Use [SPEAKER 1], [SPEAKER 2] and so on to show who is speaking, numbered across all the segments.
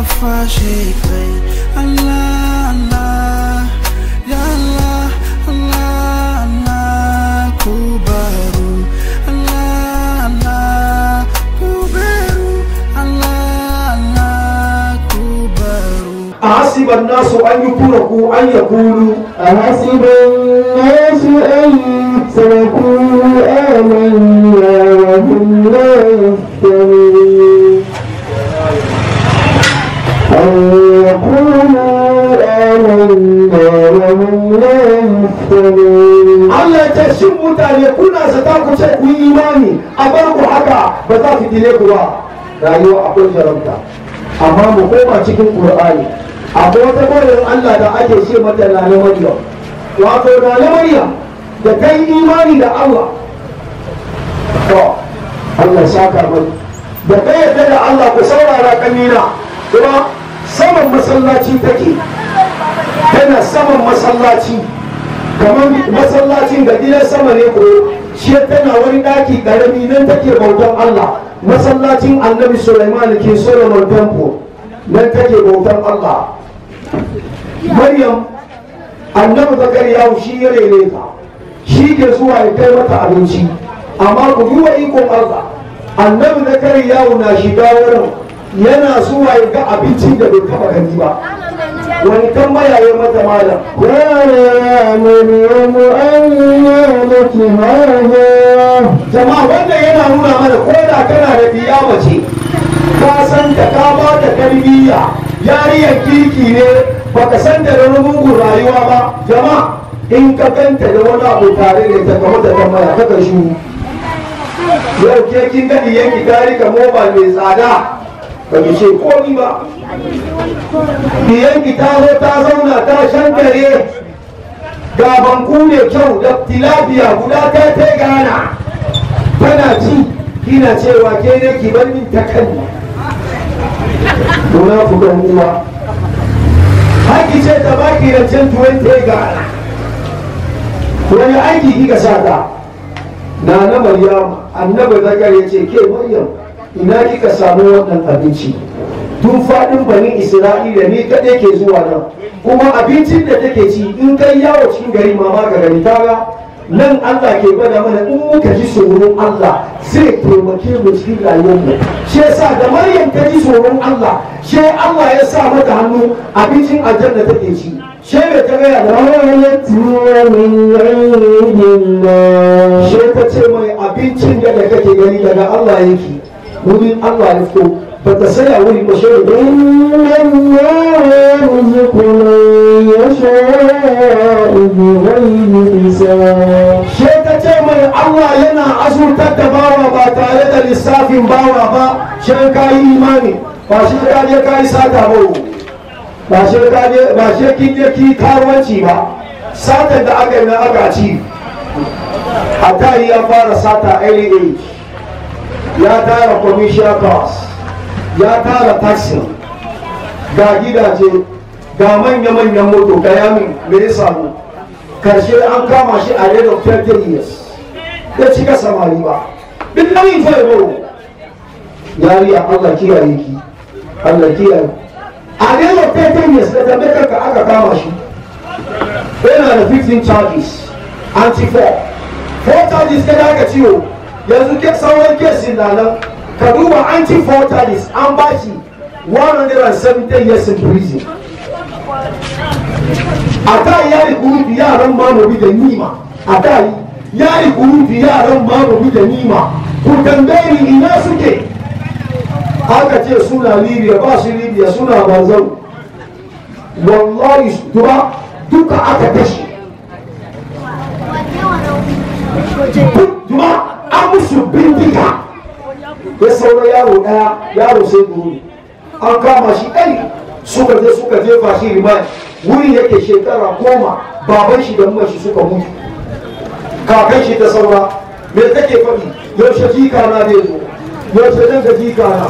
[SPEAKER 1] عفا شيفي الله الله يا الله الله الله كبارو الله الله كبارو
[SPEAKER 2] الله الله كبارو أحسب الناس أن يكونوا أن يقولوا أحسب
[SPEAKER 3] الناس أن سيقولوا آمنا وهم لا يفتنون أن يقولوا آمنا وهم لا يفتنون الله تشم mutane kuna zata ku ce ku yi imani
[SPEAKER 2] a bar ku haka ba za su dile ku ba rayuwa akwai jarabta amma mu koma cikin qur'ani akwai wata bayan Allah da ake ce mata na Maryam wato na Maryam da ta yi imani da Allah to Allah saka mai da ta yarda da Allah ku saurara kanina kuma saman masallaci take tana saman masallaci kamar masallacin da gidan sama ne ko shi tana wani daki karami nan take bautan Allah masallacin annabi Sulaiman ke Solomon Temple nan take bautan Allah Maryam annabi Zakariya shi ya rene ta shi ke zuwa ya kai mata abinci amma ku yi wa ikon Allah annabi Zakariya na shi dawo yana zuwa ya ga abinci da bai taba gani ba
[SPEAKER 1] wani kan
[SPEAKER 3] mayaye mata ya jama'a wanda yana nuna mana ko da kana da
[SPEAKER 2] biya mace ka
[SPEAKER 3] san ta ka ba
[SPEAKER 2] ta tarbiyya yariyar kirki ne baka san da wani rayuwa ba jama'a in ka ganta da wani abu tare da ta kama da maya kaka shu yau ke kin gani yanki tari ka mai tsada ba ki ce komi ba
[SPEAKER 1] diyanki ta zo ta
[SPEAKER 2] zauna ta shankare ga banku ne kyau da guda ta ta gana tana ci kina cewa ke ne ki bannin ta kanni dona ku dan uwa haki ce ta baki rancen tuwon ta wani aiki kika sa ta na na maryam annabi zakar ya ce ke maryam ina kika samu wannan abinci tun faɗin bani isra'ila ne kaɗai ke zuwa nan kuma abincin da take ci in kai yawo cikin gari mama ga gari kaga nan Allah ke gwada mana in muka ji tsoron Allah zai taimake mu cikin rayuwarmu shi yasa da Maryam ta ji tsoron Allah shi Allah ya sa mata hannu abincin aljanna take ci shi bai ta gaya da shi ta ce mai abincin da kake gani daga Allah yake wurin Allah ya fito ba ta saya wuri ba shi
[SPEAKER 3] da shi ta ce mai Allah yana azurtar da bawa
[SPEAKER 2] ba tare da lissafin bawa ba shi ka yi imani ba shi ka je ka yi sata ba ba shi ka je ba shi kin je ki karuwanci ba satar da aka yi na aka ci a ta yi ya fara sata ainihin ya tara commercial cars ya tara taxi ga gidaje ga manya-manyan moto ga yamin me ya samu karshe an kama shi a rate of 30 years ya cika samari ba duk nauyin fa ya baro yariya Allah kiyaye ki Allah kiyaye a rate of 30 years da tambayar kanka aka kama shi yana da 15 charges anti 4 4 charges kada aka ciwo yanzu ke sauran kesin na nan ka duba anti-fortalist an ba shi 170 years in prison a ta yi yari kurufi yaran manobi da nima a ta yi yari kurufi yaran manobi da nima ku tambayi ina suke aka ce suna libya ba su libya suna banzan wallahi duka aka kashe daya yaro sai gururi an kama shi ɗari suka je suka jefa shi rimai wuri yake shekara goma baban shi da mumman shi suka mutu kakan shi ta saura me take faɗi yaushe jika na ne zo yaushe zan ka jika na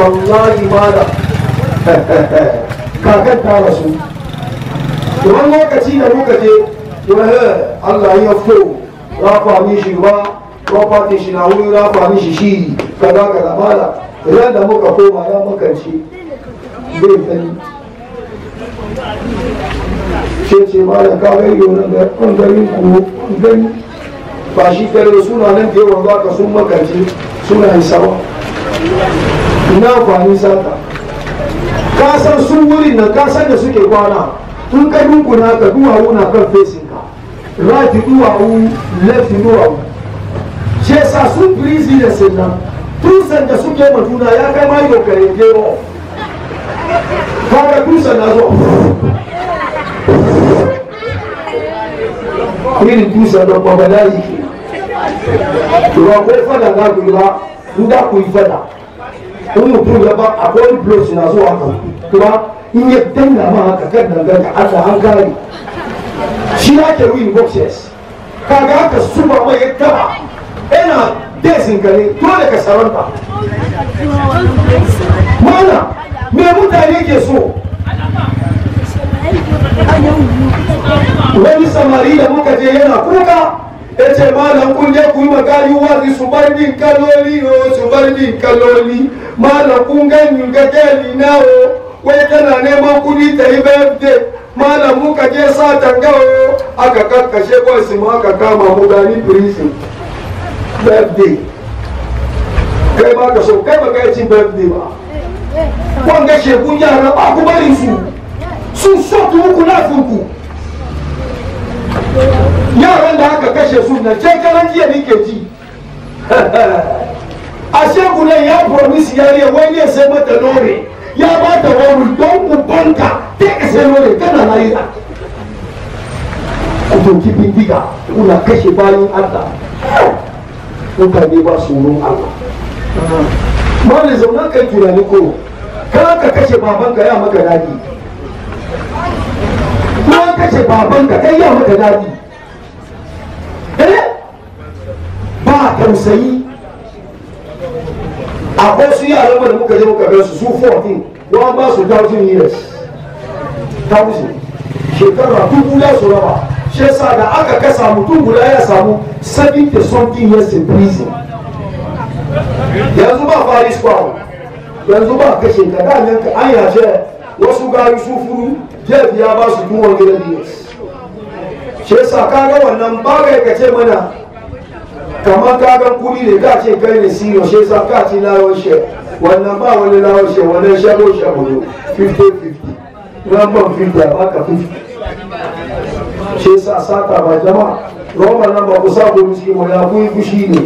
[SPEAKER 2] wallahi mala kakan ta rasu wani lokaci da muka je eh, Allah ya fito rafa mishi ba property shi na wuri rafa mishi shi kaza kaza mala ran da muka koma ya makanci zai sani ce ce ma da kawai yau na ɓangaren ku gani ba shi kare suna nan da yawan baka sun makanci suna yi sama ina kwani sata ka san sun wuri nan ka san da suke kwana tun ka dunkuna ka duwawu na kan fesin ka right duwawu left duwawu shi sa sun prison da nan dusan da suke matuna ya kai ma yau kare gero kaga dusan na zo irin dusan da ba bala yi
[SPEAKER 1] ke kuma
[SPEAKER 2] ko fada na ku ba in da ku yi fada in mutum ya ba akwai blows na zo haka kuma in ya danna ma haka kan danganta Allah an kare shi na ke win boxes kaga haka su ba mai ya taba yana dai sinkare dole ka sarauta mana me mutane ke so wani samari da muka je yana kuka ya ce malam kun je ku yi magani su bar din kaloli o su bar din kaloli malam kun gani ga gani na o wai tana neman kudi ta yi birthday malam muka je sa tanga o aka kakashe kwansu ma aka kama mu gani prison birthday kai ba ka so kai ba ka cin birthday ba
[SPEAKER 1] kwan ga shekun
[SPEAKER 2] yara ba ku su sun shatu muku lafinku yaran da aka kashe su na ce karan jiya ne ke ji a shekunan ya promise yariya wani ya sai mata lore ya ba ta wani don ku banka ta ka sai lore kana laira ku doki bindiga kuna kashe bayan allah mutane ba su tsoron Allah mali zauna kai tunani ko ka ka kashe babanka ya maka dadi ka kashe babanka kai ya maka dadi eh ba tausayi A akwai su yaran da muka je muka gansu su 14 wa ba su 1000 years 1000 shekara dubu ya su raba shi yasa da aka kasa mutum guda ya samu 70 something years in prison yanzu ba faris kwawo yanzu ba kashe ta da nan ka an yaje wasu gari su furu jeff ya ba su kuma gidan years shi yasa kaga wannan ba kai ka ce mana kamar kagan kuri ne ka ce kai ne sino shi yasa ka ce lawon shi wannan ba wani lawon shi wannan shago shago 50 50 nan ban 50 ba ka 50 shi yasa sata ba jama'a roma nan ba ku sa miski mo ya ku yi fushi ne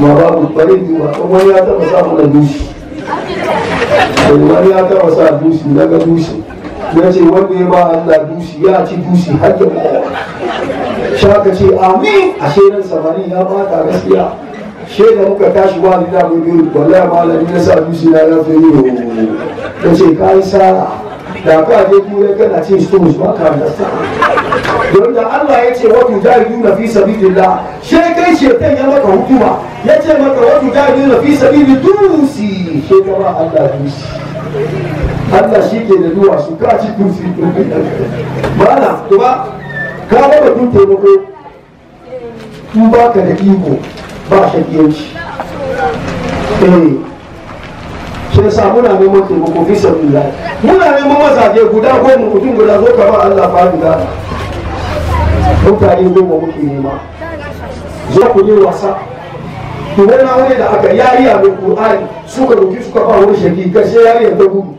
[SPEAKER 2] ma ba ku bari ba ko wani ya taba sa na dushi wani ya taba sa dushi daga dushi ya ce wanda ya ba Allah dushi ya ci dushi har ya kowa shaka ce amin a shedan samari ya ta gaskiya shedan muka tashi wa ni da mu biyu wallahi malami na sa dushi na ya fi yi ya ce kai sara da ku aje kure kana cin stones ba ka da sa don da Allah ya ce wato na fi sabilillah she kai shetan ya maka hukuma ya ce maka wato na fi sabili dusi she ka ba Allah dusi Allah shi ke da duwa su ka ci kursi ba na kuma ka ba batun taimako in ba ka da iko ba shakiyanci eh shi yasa muna neman taimako fi sabilillah muna neman mazaje guda goma mutum guda zo kamar Allah faru da mutane goma muke nema zo ku yi wasa na wani da aka yayi a mai qur'ani suka roki suka ba wani shaki gashe yariyar da gudu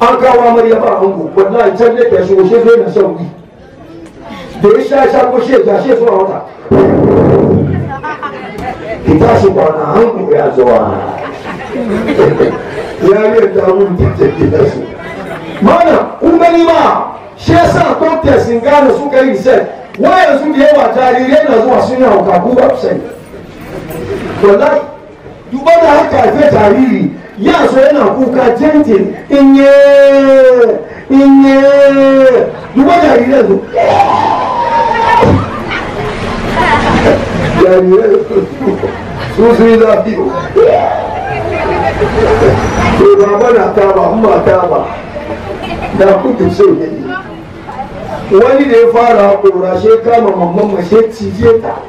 [SPEAKER 2] an kawo amarya ba hango wallahi can ne ta shigo shi zai na shan wi da ya sha sha ko shi ga shi suna wata ki tashi ba na hango ya zuwa yariyar ta mun tace gida su mana kun gani ma shi yasa contest in gane suka yi research wayan su da yawa na zuwa sun yi hauka ku ba su wallahi duba da haka haife jariri ya so yana kuka jentin inye inye duba jarirai su jarirai su sun yi zafi
[SPEAKER 1] to
[SPEAKER 2] ba bana ta ba amma ta ba da kuke so ne wani da ya fara kora she kama mamman ma she cije ta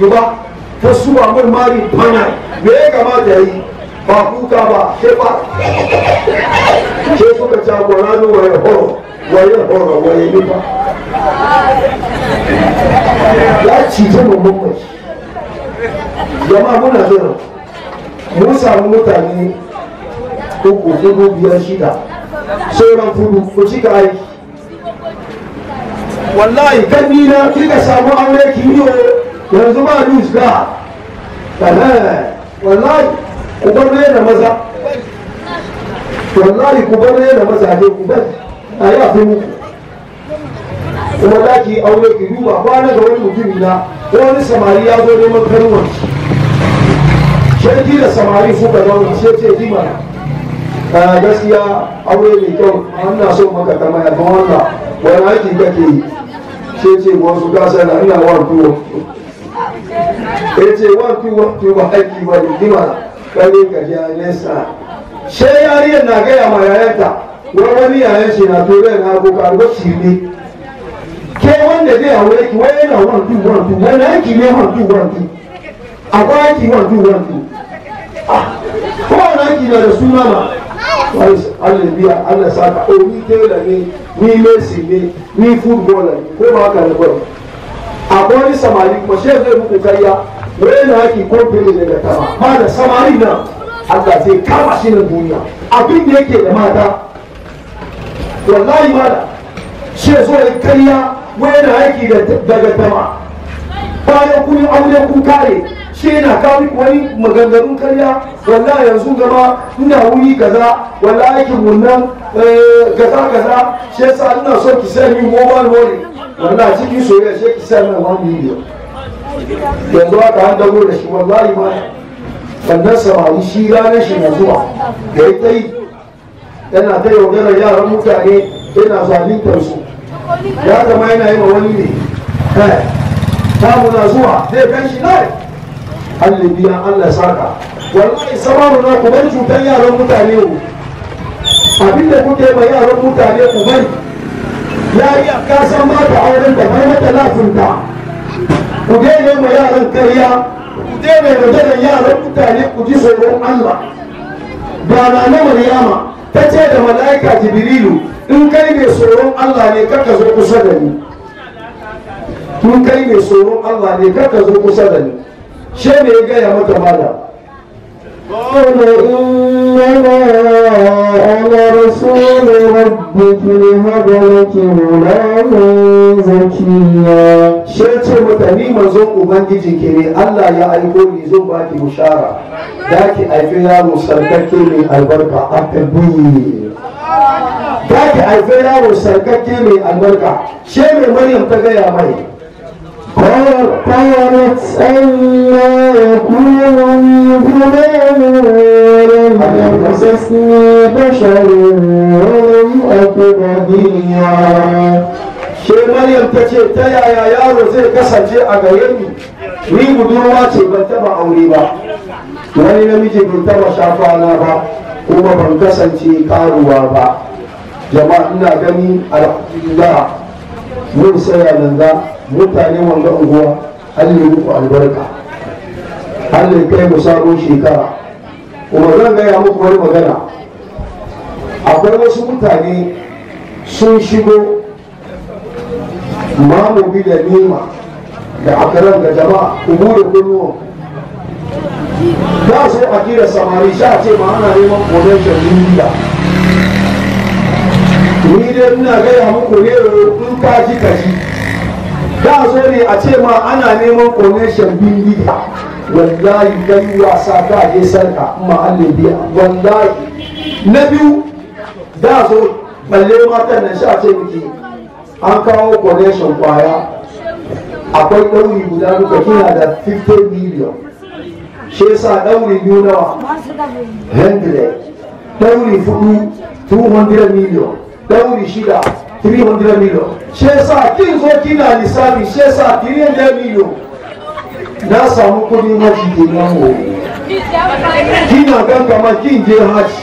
[SPEAKER 2] duba ta suwa mun mari bana me ya kamata yi ba kuka ba she ba she suka jagora wa ya horo wa ya horo wa waye nifa ya cije mamman ma jama'a muna zira mun samu mutane uku dubu biyar shida sauran kudu ku cika aiki wallahi gani na kika samu aure ki yi yanzu ba news da wallahi ku bar da maza wallahi ku bar da maza ne ku bar a yi abu muku kuma daki aure ki duba kwana ga wani mutumi na wani samari ya zo neman karuwanci shirki da samari suka zauna sai ce ji mana gaskiya aure mai kyau ana so maka ta ya abin wanda wani aiki kake yi sai ce wasu gasa na ina wa tuwo ya ce wa tuwo tuwo aiki ba da ji mana kare ka ji a nesa sai yariyar na gaya ma yayanta wani yayan shi na turai na abokan albashi ne ke wanda zai aure ki wai yana one two one two wani aiki ne one two one two akwai aiki one two one two kuma na aiki na da suna ma wani allah biya allah ka o eh, ni tela ne ni messi ne ni footballer ne ko ba ka ne kawai a wani samari kuma shi zai muku kariya wani na aiki ko fili ne da tama. ba da samari na allah zai kama shi na duniya abin da yake da mata wallahi da shi zo ya kariya wani na aiki daga tama bayan kun aure kuka kare ke na kawo wani maganganun karya wallahi yanzu gaba ina wuri kaza wallahi aikin wannan eh, gaza gaza shi yasa ina so ki sani mobile money wallahi cikin soyayya shi ki sani na wani miliyan yanzu aka an dago da shi wallahi ma wannan samari shi ranar shi na zuwa da ya ta yi yana ta yaudarar yaran mutane yana zalintar su ya zama yana yi ma wani ne ta muna zuwa zai kan shi nai halibi an Allah saka wallahi samaru na ku bar cutar yaran mutane ku abin da kuke ma yaran mutane ku bari ya yari a ba mata auren da bai mata lafinta ku daina ma yaran karya ku daina maganar yaran mutane ku ji tsoron Allah da na na maryama ta ce da mala'ika jibrilu in kai mai tsoron Allah ne karka zo kusa da ni in kai mai tsoron Allah ne karka zo kusa da ni she me
[SPEAKER 3] ya gaya mata mala she ce mata ni mazon ubangiji ke ne Allah ya aiko
[SPEAKER 2] ni zo ba ki bishara da ki aiko yaro sarkake mai albarka a tabbiyi da ki aiko yaro sarkake mai albarka she mai maryam ta gaya mai
[SPEAKER 3] قالت أنا يكون لي ولم يمسسني بشر ولم أك بغيا ke maryam
[SPEAKER 2] ta ce ta yaya yaro zai kasance a gare ni ni budurwa ce ban taba aure ba wani namiji ban taba shafana ba kuma ban kasance karuwa ba jama'a ina gani alhamdulillah mun tsaya nan za mutane wanga unguwa Allah muku albarka Allah kai mu sabon shekara kuma zan gaya muku wani magana akwai wasu mutane sun shigo mamobi da nema da akaran da jama'a ubu da kunnuwa ba su a kira samari sha ce ma ana neman kodenshin duniya ni dai ina gaya muku ne in kaji kaji. shari a ce ma ana neman connection bindi wallahi dan wasa ta je sarka ma'allin biya wallahi na biyu da zo balle matan nan sha ce miki an kawo connection kwaya akwai dauri guda duka kina da 50 million shi yasa dauri biyu nawa 100 dauri fudu 200 million dauri shida 300 million shi yasa kin zo kina lissafi shi yasa 300 million na samu kudi haji ke namu kina gan kama kin je haji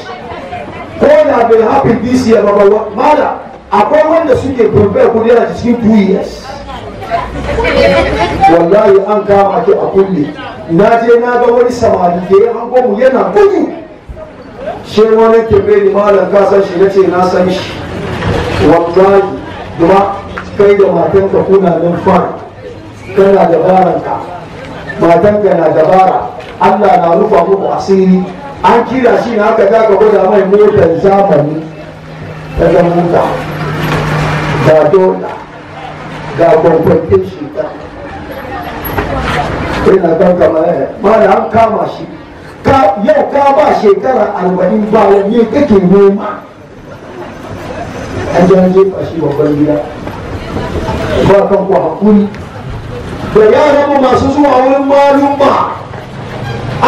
[SPEAKER 2] ko bai happen this year ba mala akwai wanda suke prepare kudi a cikin 2 years wallahi an kama ki a kulle na je na ga wani samari da ya hango mu yana gudu shi wani kebe ni malam ka shi nace na san shi wallahi kuma kai da matanka kuna nan far kana da baranka matanka na da bara Allah na rufa muku asiri an kira shi na aka zaka gwada mai motar zamani ta zamuta ga dola ga gwamfatin shi ta Ba eh, an kama shi yau ka ba shekara arba'in bayan ne kake noma an ji an jefa shi babban gida ba kan ku hakuri da ya rabu masu zuwa wurin malumma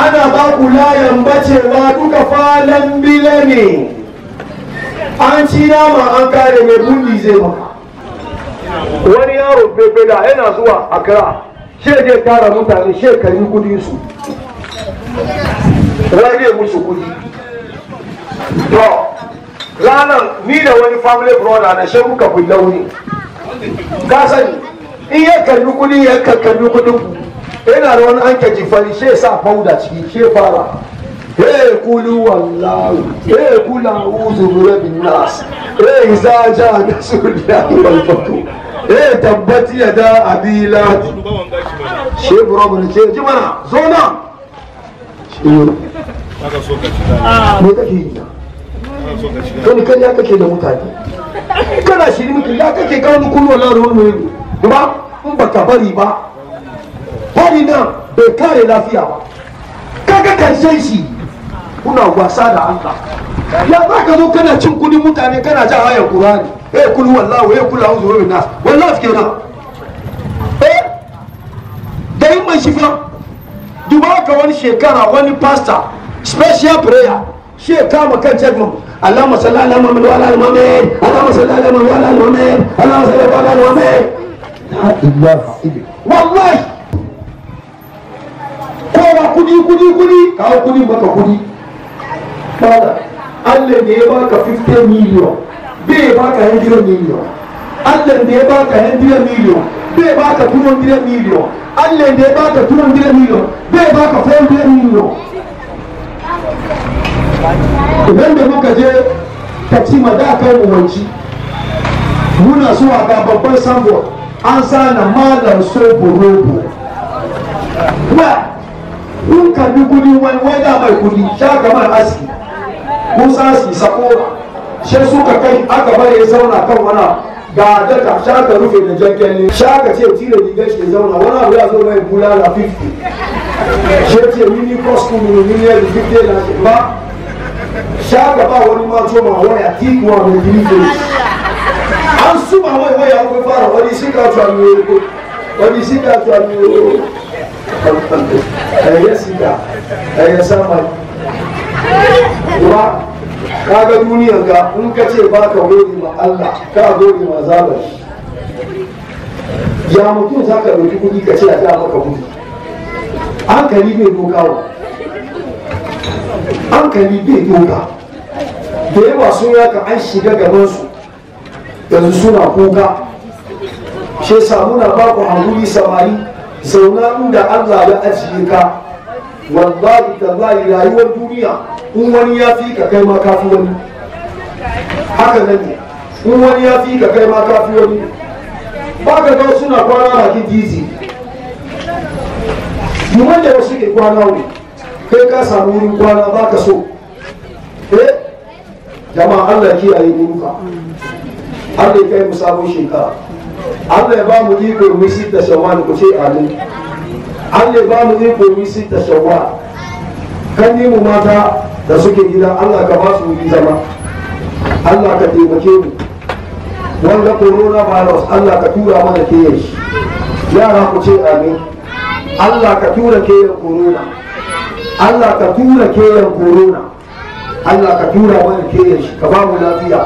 [SPEAKER 2] ana ba ku layan bacewa duka falon bila ne an ci nama an kare mai bundi zai maka wani yaro da yana zuwa akra shi je tara mutane shi kudi su wani musu kudi to ranar ni da wani family brother na shi muka kulle launi ka sani in ya kalli kudi ya kalli kudin ku yana da wani an kaji fari shi sa fauda ciki shi fara eh kulu wallahu eh kula uzu bin nas eh za ja nasullahi wal fatu eh tabbati ya da abila shi brother ce ji zo na shi ne kake yi kan kan ya kake da mutane kana shiri miki ya kake ka wani kullu wala ruwan ba in baka bari ba bari na bai kare lafiya ba kaga karshen shi kuna wasa da Allah ya za ka zo kana cin kudin mutane kana jan hayar Qur'ani eh kulu wallahu eh kullu a'udhu bi nas wallahi kenan eh dai mai shifa duba ka wani shekara wani pastor special prayer shi ya kama kan judgment اللهم صل على محمد وعلى ال محمد اللهم صل على محمد وعلى ال محمد اللهم صل على محمد وعلى ال محمد والله kowa kudi kudi kudi kawo kudi maka kudi bada allah ne ya baka 15 million bai baka 100 million allah ne ya baka 100 million bai baka 200 million allah ne ya baka 200 million bai baka 400 million
[SPEAKER 1] idan da muka je
[SPEAKER 2] katsima da aka yi wanci muna a ga babban sambo an sana malam soborobo ba in ka bi kudi wani wai da mai kudi sha kamar aski musa aski sako she suka kai aka bari ya zauna kan wani ga daga sha ka rufe da jankyali sha ka ce tire rigar shi zauna wani abu ya zo mai bula 50 she ce mini costume ne mini yadda 50 na ba shaka ba wani ma zo ma waya tikuwa mai dilife an su ma wai waya ko fara wani shi ka tuwa mi ko wani shi ka tuwa mi ko eh yes ka eh ya sama wa kaga duniyar ga in ka ce ba ka gode ma Allah ka gode ma zabari ya mutum za ka ɗauki kuɗi ka ce a ja maka kuɗi hankali ne ko kawo hankali bai doka da yawa sun ka an shiga gabansu yanzu suna kuka shi samuna ba ku hankuli samari zauna inda an zaɓi ajiye ka wallahi tallahi rayuwar duniya in wani ya fi ka kai ma kafi wani haka nan ne in wani ya fi ka kai ma kafi wani ba ka ga suna kwana bakin titi mu wanda wasu ke kwana wani kai ka samu wurin kwana ba ka so eh jama'a Allah ki ayi guruka Allah ya kai mu sabon shekara Allah ya ba mu iko mu da shawwal ku ce amin Allah ya ba mu iko mu da shawwal kan mu mata da suke gida Allah ka ba su zama Allah ka taimake mu wanda corona virus Allah ka tura mana ke yara ku ce amin Allah ka tura ke corona Allah ka tura keyan corona Allah ka tura mana keyan shi ka
[SPEAKER 3] ba mu lafiya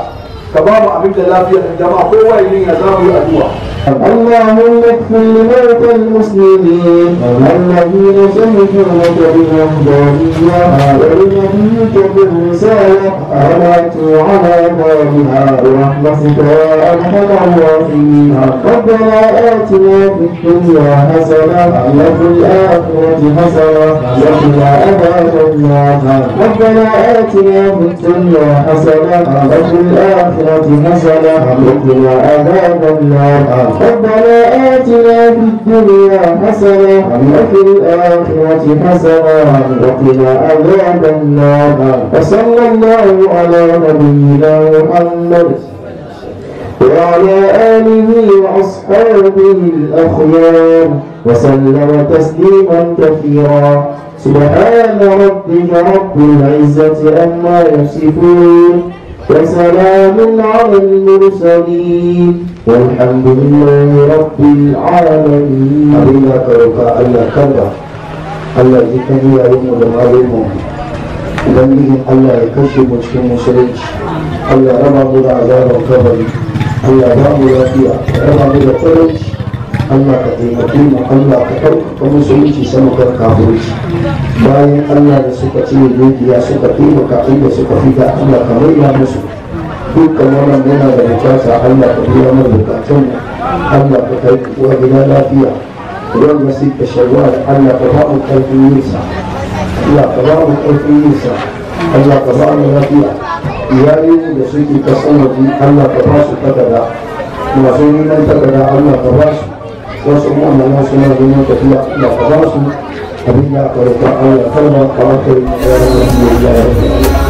[SPEAKER 3] ka ba mu
[SPEAKER 2] abin da lafiya da jama'a kowa ya ya zamu yi addu'a
[SPEAKER 3] اللهم اغفر لموتى المسلمين الذين شهدوا لك بهم بالوحدانية ولنبيك بالرسالة وماتوا على بابها برحمتك يا أرحم الراحمين ربنا آتنا في الدنيا حسنة وفي الآخرة حسنة وقنا عذاب النار ربنا آتنا في الدنيا حسنة وفي الآخرة حسنة وقنا عذاب النار ربنا آتنا في الدنيا حسنة وفي الآخرة حسنة وقنا عذاب النار وصلى الله على نبينا محمد وعلى آله وأصحابه الأخيار وسلم تسليما كثيرا سبحان ربك رب العزة أما يصفون وسلام على المرسلين والحمد لله رب العالمين أبينا كروكا ألا كبا ألا جتني
[SPEAKER 2] أروم لما بني ألا يكشي مجكي مسرج ألا رمى بلا عذاب القبر ألا رمى بلا فيا رمى بلا فرج Allah ka taimake mu Allah ka ɗaukaka musulunci sama kan kafirci bayan Allah da suka ce dukiya suka taimaka inda suka fita Allah ka maida musu dukkan wannan yana da bukata Allah ka biya mana bukatun Allah ka kai kuwa gida lafiya ruwan masif da shawar Allah ka ba mu ƙarfin sa Allah ka ba mu ƙarfin sa Allah ka ba mu lafiya iyalin da suke kasan waje Allah ka ba su takada masu neman takada Allah ka ba su وصلى الله وسلم على نبينا محمد وعلى اله وصحبه اجمعين ربنا اغفر لنا وارحمنا وارحم المسلمين اللهم